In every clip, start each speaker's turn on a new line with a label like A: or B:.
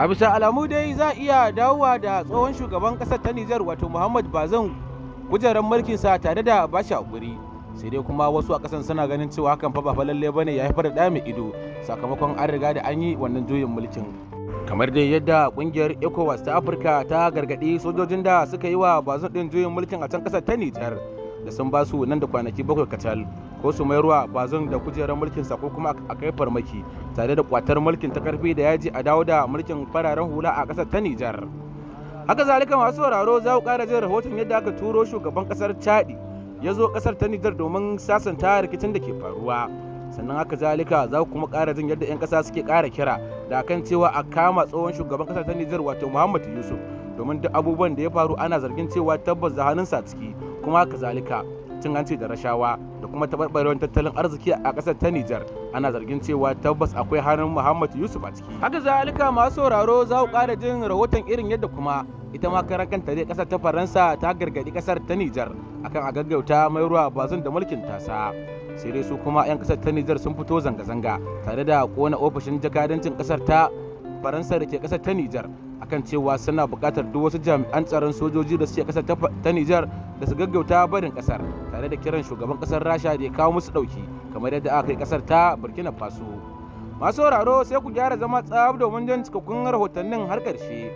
A: a bisa alamu dai za a iya dawowa da tsohon shugaban kasar ta nijar wato muhammad bazan mulkin sa tare da bashi hakuri sai dai kuma wasu a kasan suna ganin cewa hakan fa ba ne lalle bane ya haifar da mai ido sakamakon an riga da an yi wannan juyin mulkin kamar dai yadda kungiyar ecowas ta afirka ta gargaɗi sojojin da suka yi wa bazan ɗin juyin mulkin a can ƙasar ta nijar da sun ba su nan da kwanaki bakwai kacal ko su ba bazin da kujerar mulkin sa ko kuma a kai farmaki tare da kwatar mulkin ta karfi da yaji a dawo da mulkin fararen hula a kasar ta Nijar. Haka zalika masu sauraro za ku ƙara jin rahoton yadda aka turo shugaban kasar Chadi ya zo kasar ta Nijar domin sasanta rikicin da ke faruwa. sannan haka zalika za ku kuma ƙara jin yadda 'yan ƙasa suke kara kira da kan cewa a kama tsohon shugaban kasar ta Nijar wato Muhammad Yusuf domin duk abubuwan da ya faru ana zargin cewa tabbas da hannunsa ciki kuma haka zalika cin hanci da rashawa kuma tabarbarewar tattalin arziki a ƙasar ta Nijar. Ana zargin cewa tabbas akwai hannun Muhammad Yusuf a ciki. Haka zalika masu sauraro za ku ƙara jin rahoton irin yadda kuma ita ma karan kanta dai ƙasar ta Faransa ta gargaɗi ƙasar ta Nijar akan a gaggauta mai ruwa bazan da mulkin tasa. sai dai su kuma 'yan ƙasar ta Nijar sun fito zanga-zanga tare da kona ofishin jakadancin ƙasar ta Faransa da ke ƙasar ta Nijar akan cewa suna buƙatar duk wasu jami'an tsaron sojoji da suke kasar ta Nijar da su gaggauta barin kasar tare da kiran shugaban kasar rasha da ya kawo musu dauki kamar yadda aka yi kasar ta burkina faso masu sauraro sai ku gyara zama tsab domin jan cikakkun rahotannin har karshe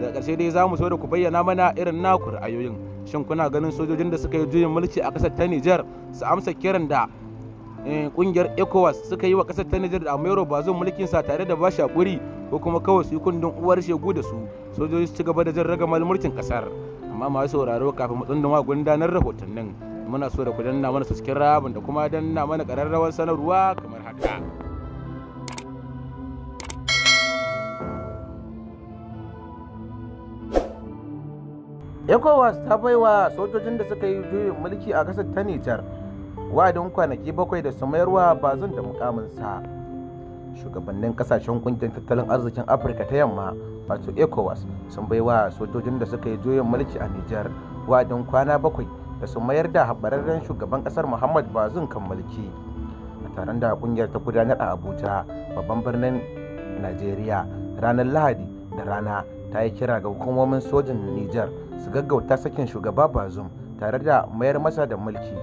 A: da karshe dai za mu so da ku bayyana mana irin naku ra'ayoyin shin kuna ganin sojojin da suka yi juyin mulki a kasar ta niger su amsa kiran da kungiyar eh, ecowas suka yi wa kasar ta nijar da amero zuwa mulkin sa tare da bashi hakuri ko kuma kawai su yi kundin uwar shegu da su sojoji su ci gaba da jan ragamar mulkin kasar amma masu sauraro kafin mu tsundun wa gundanar rahotannin muna so da ku danna mana rabin da kuma danna mana ƙararrawar sanarwa kamar haka ecowas ta
B: baiwa sojojin da suka yi juyin mulki a kasar ta nijar wa'adin kwanaki bakwai da su mayarwa ba zan da mukaminsa shugabannin kasashen kungiyar tattalin arzikin afirka ta yamma wato ecowas sun baiwa sojojin da suka yi juyin mulki a nijar wa'adin kwana bakwai da su mayar da haɓararren shugaban ƙasar muhammad Bazoum kan mulki a taron da kungiyar ta gudanar a abuja babban birnin najeriya ranar lahadi da rana ta yi kira ga hukumomin sojin niger su gaggauta sakin shugaba Bazoum tare da mayar masa da mulki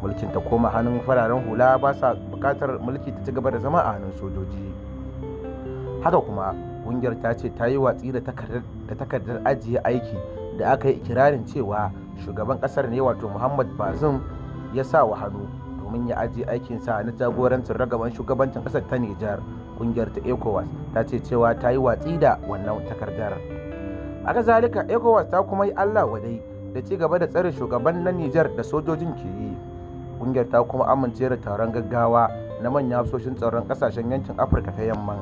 B: mulkin ta koma hannun fararen hula ba sa bukatar mulki ta ci gaba da zama a hannun sojoji haka kuma ƙungiyar ta ce ta yi watsi da takardar ajiye aiki da aka yi ikirarin cewa shugaban kasar ne wato muhammad bazum ya sa wa hannu domin ya ajiye aikinsa na jagorancin ragaban shugabancin kasar ta nijar kungiyar ta ecowas ta ce cewa ta yi watsi da wannan takardar haka zalika ecowas ta kuma yi allah wadai da ci gaba da tsare shugaban na nijar da sojojin ke yi kungiyar ta kuma amince da taron gaggawa na manyan hafsoshin tsaron kasashen yankin afirka ta yamma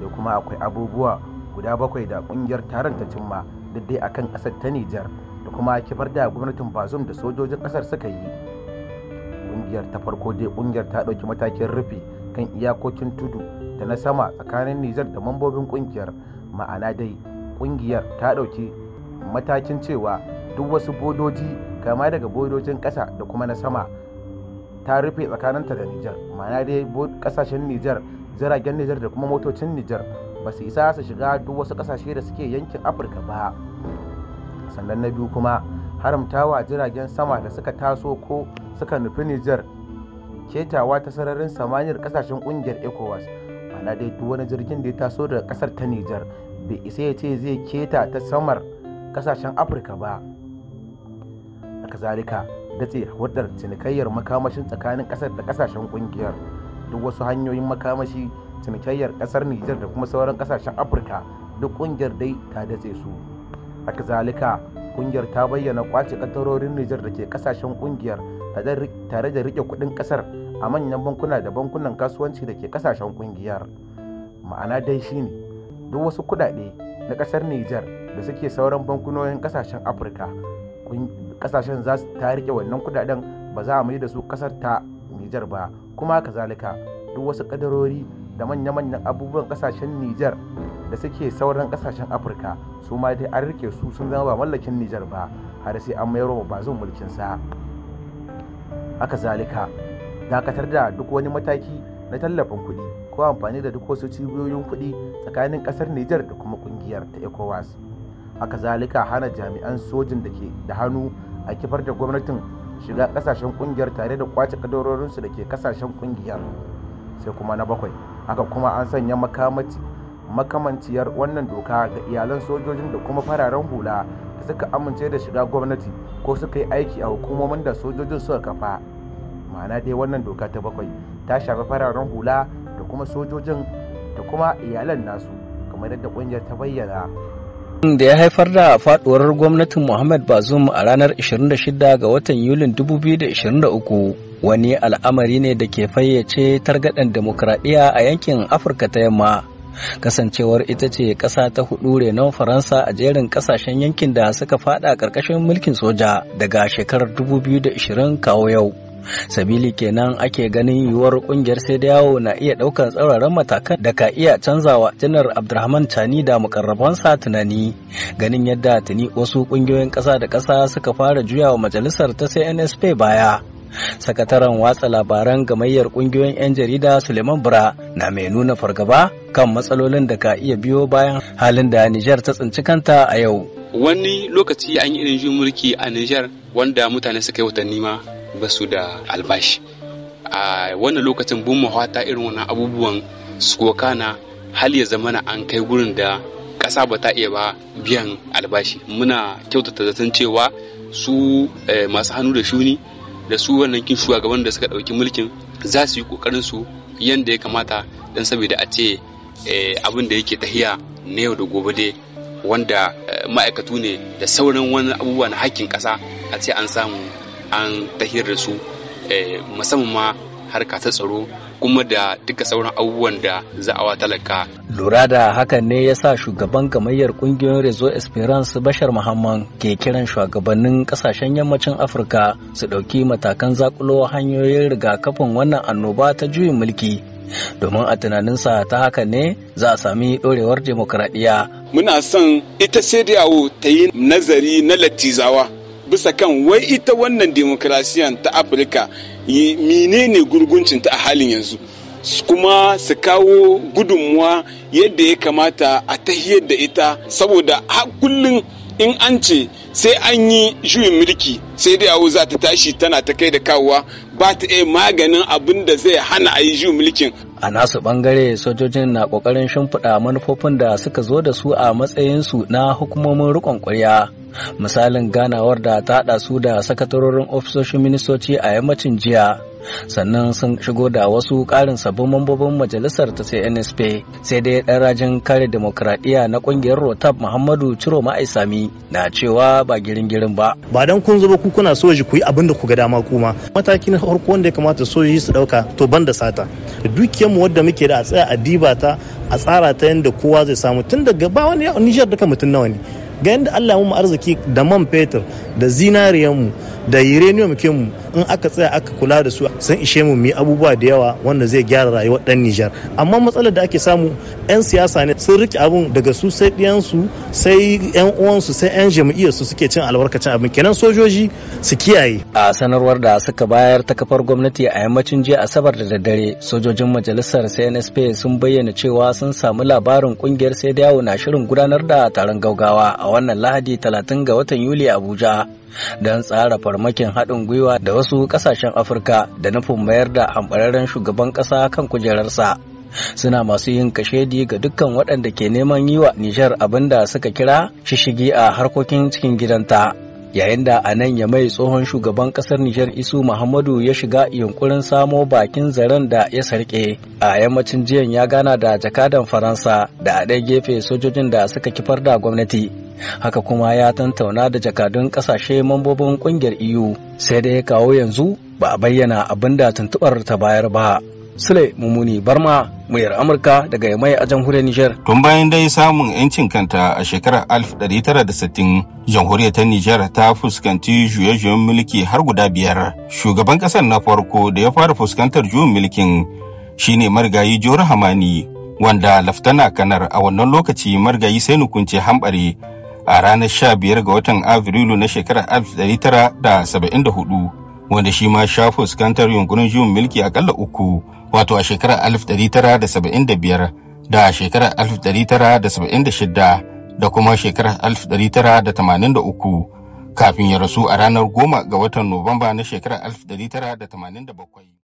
B: sai kuma akwai abubuwa guda bakwai da kungiyar taron ta cimma duk dai akan ƙasar ta Nijar da kuma kifar da gwamnatin Bazum da sojojin kasar suka yi. Ƙungiyar ta farko dai kungiyar ta ɗauki matakin rufe kan iyakokin tudu da na sama tsakanin Nijar da mambobin ƙungiyar ma'ana dai ƙungiyar ta dauki matakin cewa duk wasu bodoji kama daga bodojin ƙasa da kuma na sama ta rufe tsakaninta da Nijar ma'ana dai kasashen Nijar jiragen Nijar da kuma motocin Nijar ba su isa su shiga duk wasu kasashe da suke yankin afirka ba sannan na biyu kuma haramtawa jiragen sama da suka taso ko suka nufi nijar ketawa ta sararin samaniyar kasashen kungiyar ecowas ma'ana dai duk wani jirgin da ya taso daga kasar ta nijar bai isa ya ce zai keta ta samar kasashen afirka ba haka zalika datse hudar cinikayyar makamashin tsakanin kasar da kasashen kungiyar duk wasu hanyoyin makamashi cinikayyar kasar Nijar da kuma sauran kasashen Afirka duk kungiyar dai ta datse su. Haka zalika kungiyar ta bayyana kwace katarorin Nijar da ke kasashen kungiyar tare da rike kudin kasar a manyan bankuna da bankunan kasuwanci da ke kasashen kungiyar. Ma'ana dai shine duk wasu kudade na kasar Nijar da suke sauran bankunoyin kasashen Afirka kasashen za su ta rike wannan kudaden ba za a mai da su kasar ta Nijar ba kuma kazalika duk wasu kadarori da manya-manyan abubuwan kasashen Nijar da suke sauran kasashen Afirka su ma dai an rike su sun zama ba mallakin Nijar ba har sai an mayar wa bazin mulkin sa. Haka zalika dakatar da duk wani mataki na tallafin kuɗi ko amfani da duk wasu cibiyoyin kuɗi tsakanin ƙasar Nijar da kuma ƙungiyar ta ECOWAS. Haka zalika hana jami'an sojin da ke da hannu a kifar da gwamnatin shiga ƙasashen ƙungiyar tare da kwace kadarorinsu da ke ƙasashen ƙungiyar. sai kuma na bakwai haka kuma an sanya makamanciyar wannan doka ga iyalan sojojin da kuma fararen hula da suka amince da shiga gwamnati ko suka yi aiki a hukumomin da sojojin suka kafa ma'ana dai wannan doka ta bakwai ta shafi fararen hula da kuma sojojin da kuma iyalan nasu kamar yadda kungiyar ta bayyana
C: da ya haifar da faduwar gwamnatin Muhammad Bazoum a ranar 26 ga watan Yulin 2023 wani al'amari ne da ke fayyace targaɗin demokradiyya a yankin afirka ta yamma kasancewar ita ce ƙasa ta hudu renon faransa a jerin ƙasashen yankin da suka fada ƙarƙashin mulkin soja daga shekarar 2020 kawo yau sabili kenan ake ganin yiwuwar kungiyar sai da yawo na iya ɗaukar tsauraran matakan da ka iya canzawa janar abdulrahman cani da mukarrabansa tunani ganin yadda tuni wasu kungiyoyin ƙasa da ƙasa suka fara juyawa majalisar ta cnsp baya sakataren watsa labaran gamayyar kungiyoyin 'yan jarida suleiman bura na mai nuna fargaba kan matsalolin da ka iya biyo bayan halin da nijar ta tsinci kanta a yau
A: wani lokaci an yi irin mulki a nijar wanda mutane suka yi watanni ma ba su da albashi a wannan lokacin bin mahwata irin wannan abubuwan su na, hal ya zamana an kai gurin da ƙasa ba ta iya ba biyan albashi muna kyautata zaton cewa su eh, masu hannu da shuni da su wannan kin shugaban da suka ɗauki mulkin za su yi ƙoƙarin su yanda ya kamata dan saboda a ce eh, abin da yake tahiya na yau da gobe dai wanda eh, ma'aikatu ne da sauran wani abubuwa na hakkin ƙasa a ce an samu an tahiyar da su eh, musamman ma harka ta tsaro kuma da duka sauran abubuwan da za a talaka.
C: Lura da hakan ne ya sa shugaban gamayyar kungiyoyin Rezo Esperance Bashar Muhammad ke kiran shugabannin kasashen yammacin Afirka su ɗauki matakan zakulo hanyoyin rigakafin wannan annoba ta juyin mulki domin a tunaninsa ta haka ne za a sami ɗorewar demokradiyya.
A: Muna son ita sai ta yi nazari na latizawa bisa kan wai ita wannan demokrasiyan ta afirka menene gurguncinta a halin yanzu kuma su kawo gudunmuwa yadda ya kamata a tahiyar da ita saboda kullum in an ce sai an yi juyin mulki sai dai awo za ta tashi tana ta kai da kawowa ba maganin abin da zai hana a yi mulkin.
C: A nasu bangare sojojin na kokarin shimfiɗa manufofin da suka zo da su a matsayinsu na hukumomin rikon kwarya. Misalin ganawar da ta haɗa su da sakatarorin ofisoshin ministoci a yammacin jiya. sannan sun shigo da wasu karin sabbin mambobin majalisar ta sai nsp sai dai ɗan rajin kare demokradiyya na ƙungiyar rotab muhammadu ciro ma'aisami na cewa ba girin-girin ba ba dan kun zuba ku kuna soji ku yi abin da ku ga dama kuma mataki na farko wanda ya kamata soji su ɗauka to ban da sata dukiyar mu wadda muke da a tsaya a diba ta a tsara ta yanda kowa zai samu tun daga ba wani nijar duka mutum nawa ne ga yadda Allah mu arziki da man fetur da zinariyan mu da uranium kin mu in aka tsaya aka kula da su sun ishe mu mu abubuwa da yawa wanda zai gyara rayuwar dan Nijar amma matsalar da ake samu yan siyasa ne sun rike abun daga su sai diyan su sai yan uwan sai yan jam'iyyar su suke cin albarkacin abin kenan sojoji su kiyaye a sanarwar da suka bayar ta kafar gwamnati a yammacin jiya asabar da daddare sojojin majalisar CNSP sun bayyana cewa sun samu labarin kungiyar sai dawo na shirin gudanar da taron gaugawa a wannan lahadi 30 ga watan yuli abuja don tsara farmakin haɗin gwiwa da wasu ƙasashen afirka da nufin mayar da hambararren shugaban ƙasa kan kujerarsa suna masu yin kashedi ga dukkan waɗanda ke neman yi wa nijar abin da suka kira shishigi a harkokin cikin gidanta yayin da a nan ya mai tsohon shugaban ƙasar Nijar Isu Muhammadu ya shiga yunkurin samo bakin zaren da ya sarƙe, a yammacin jiyan ya gana da jakadan Faransa da a ɗaya gefe sojojin da suka kifar da gwamnati haka kuma ya tantauna da jakadun kasashe mambobin kungiyar EU sai dai kawo yanzu ba a bayyana abin da tuntubar ta bayar ba. Sule Mumuni Barma muyar Amurka daga Yamai a jamhuriyar Nijar.
A: Tun bayan dai samun 'yancin kanta a shekarar 1960 jamhuriyar ta Nijar ta fuskanci juye-juyen mulki har guda biyar. Shugaban kasar na farko da ya fara fuskantar juyin mulkin shine marigayi Jori Hamani wanda laftana kanar a wannan lokaci marigayi sai nukunce hambare a ranar 15 ga watan Afrilu na shekarar 1974 wanda shi ma sha fuskantar yunkurin juyin mulki akalla uku wato a shekarar 1975 da shekarar 1976 da kuma shekarar 1983 kafin ya rasu a ranar 10 ga watan Nuwamba na shekarar 1987.